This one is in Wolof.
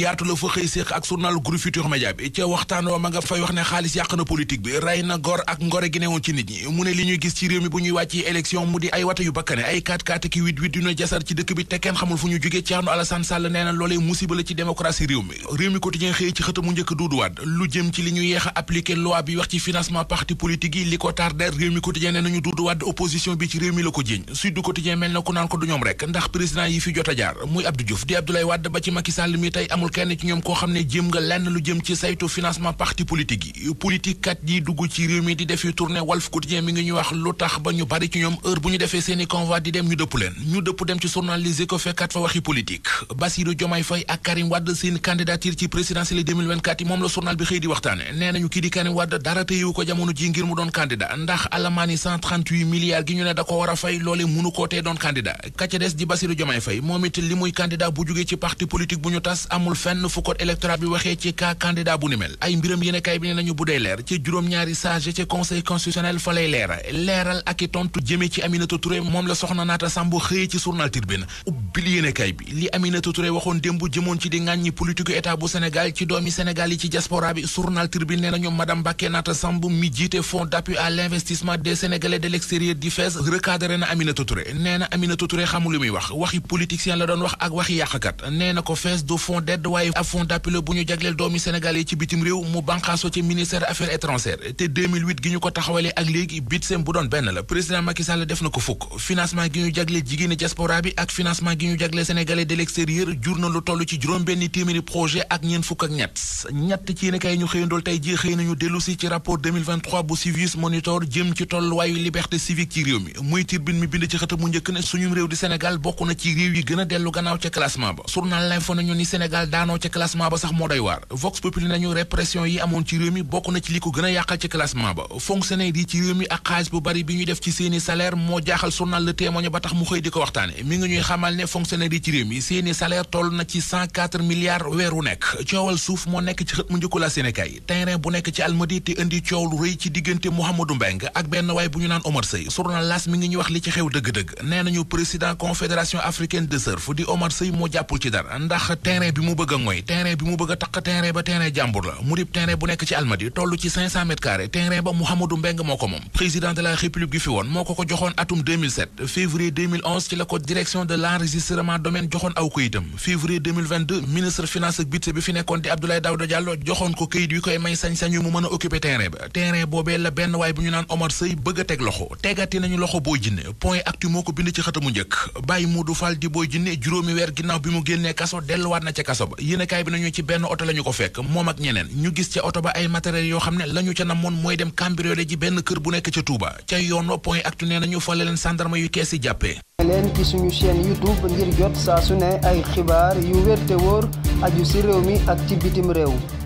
yaatu la fa xëy séq ak journal groupe Futur bi ca waxtaan wa ma nga fay wax ne xaalis yàq na politique bi rey na gor ak ngore gi newoon ci nit ñi mu ne li ñuy gis ci réew mi bu ñuy wàcc élection mu di ay wata yu bakkane ay 4 4 ki 8 yu ne jasar ci dëkk bi te kenn xamul fu ñu jóge Thierno Alassane Sall nee na loolee musiba la ci démocratie réew mi réew mi ko tardé réew ci réew mi la ko du ñoom rek ndax ci Macky Sall mi tey amul amul kenn ci ñoom koo xam ne jëm nga lenn lu jëm ci saytu financement parti politique yi politique di defi tournée Walf Quotidien mi ba ñu bari ci ñoom heure bu seen candidature ci présidentielle 2024 yi moom la journal bi xëy di waxtaane nee nañu kii di Karim dara téyewu ko jamono ji ngir mu doon candidat ndax alamaani 138 gi ñu ne da ko war a fay loole munu koo tee doon candidat ka ca des di Bassirou Diomaye Faye moom it li muy bu jugee ci parti politique bu ñu tas amul fenn fu code bi waxee ci cas candidat bu ni mel ay mbiram yéen bi ne nañu bu dee leer ci juróom-ñaari sage ci conseil constitutionnel fa lay leer leeral ak i tontu jëmee ci Aminata Touré moom la soxna Naata Samb xëyee ci journal Tribune ubbil yéen kaay bi li Aminata Touré waxoon démb jëmoon ci di ŋàññi politique état bu Sénégal ci doomi Sénégal yi ci diaspora bi journal Tribune ne nañu madame Bakke Naata Samb mi jiite fonds d'appui à l'investissement des Sénégalais de l'extérieur di FES recadré na Aminata nee na Aminata Touré xamul muy wax waxi politicien la doon wax ak waxi yàqkat nee na tedd waaye ab fond d'appel bu ñu jagleel doomi Sénégal yi ci bitim réew mu banqaaso ci ministère affaires étrangères te 2008 gi ñu ko taxawalee ak léegi bit seem bu doon benn la président Macky Sall def na ko fukk financement gi ñu jagleel jigéeni diaspora bi ak financement gi ñu jagleel sénégalais de l'extérieur jur na lu toll ci juróom-benni téeméeri projet ak ñeent fukk ak ñett ñett ci yéen kay ñu xëyandool tey ji xëy nañu dellu si ci rapport 2023 bu Civis Monitor jëm ci tolluwaayu liberté civique ci réew mi muy tirbin mi bind ci xët mu suñu réew di bokk na ci réew yi gën a dellu gannaaw ca classement ba journal l'info Sénégal daanoo ca classement ba sax moo doy waar Vox Populi nañu répression yi amoon ci réew mi bokk na ci li ko gën a yàqal ci classement ba fonctionnaire yi ci réew mi ak xaalis bu bari bi ñu def ci seeni salaire moo jaaxal journal Le Témoin ba tax mu xëy di ko waxtaane mi ngi ñuy xamal ne fonctionnaire ci réew mi seeni salaire toll na ci 104 weer wu nekk coowal suuf moo nekk ci xët njëkku la Sénégal terrain bu nekk ci Almadi te indi coow rëy ci di bëgg bi mu bëgg a ba terrain jàmbur la mu dib bu nekk ci almadi toll ci 500 mètres ba Mouhamadou Mbeng moo ko moom président de la république gi fi woon moo ko joxoon atum février ci la ko direction de l'enregistrement domaine joxoon aw kayitam février ministre finance ak budget bi fi nekkoon di Abdoulaye Daouda Diallo joxoon ko kayit yu koy may sañ-sañ mu mën a occuper ba terrain boobee la benn waay bu ñu naan Omar Sey bëgg a ba yéenekaay bi nañu ci benn oto la ñu ko fekk moom ak ñeneen ñu gis ca oto ba ay matériel yoo xam ne la ca namoon mooy dem cambriolé ji benn kër bu nekk ca Touba ca yoon point actu nee nañu fa la leen sandarma yu kees yi jàppee leen ci suñu chaîne YouTube ngir jot saa su ne ay xibaar yu wér te wóor aju si réew mi ak ci bitim réew